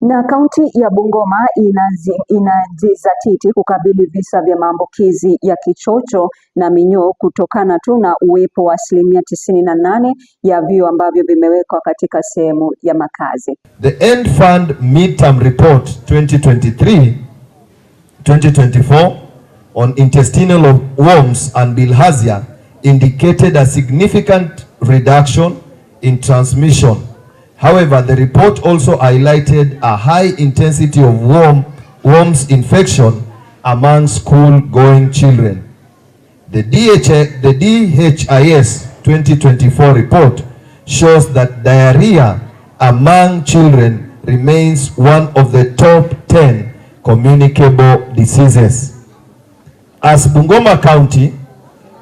Na kaunti ya Bungoma inajizatiti kukabili visa vya maambukizi ya kichocho na minyoo kutokana tu na uwepo wa asilimia tisini na nane ya vyoo ambavyo vimewekwa katika sehemu ya makazi. The End Fund Midterm Report 2023 2024 on intestinal worms and bilharzia indicated a significant reduction in transmission However, the report also highlighted a high intensity of worm, worms infection among school-going children. The, the DHIS 2024 report shows that diarrhea among children remains one of the top 10 communicable diseases. As Bungoma County,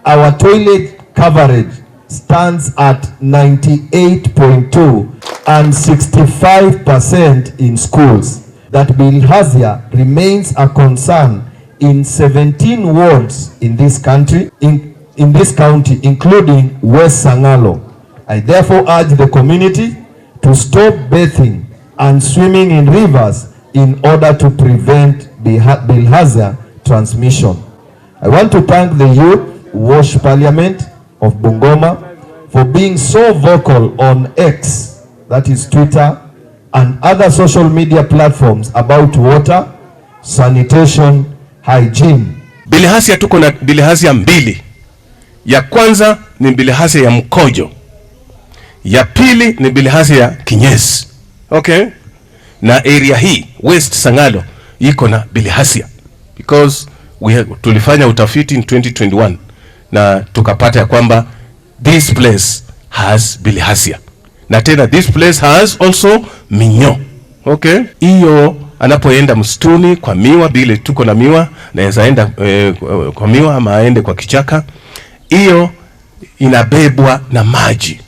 our toilet coverage stands at 98.2 and 65% in schools. That bilharzia remains a concern in 17 wards in this country, in, in this county, including West Sangalo. I therefore urge the community to stop bathing and swimming in rivers in order to prevent bilharzia transmission. I want to thank the youth Wash Parliament of Bungoma for being so vocal on X that is Twitter and other social media platforms about water, sanitation, hygiene. Bilihasia tuko na bilihasia mbili. Ya kwanza ni bilihasia ya mkojo. Ya pili ni bilihasia ya kinyesi. Okay? Na area hii West Sangalo iko na bilihasia because we have, tulifanya utafiti in 2021 na tukapata ya kwamba this place has bilihasia na tena this place has also minyo. Okay, hiyo anapoenda msituni kwa miwa, bila tuko na miwa, naweza enda eh, kwa miwa ama aende kwa kichaka, hiyo inabebwa na maji.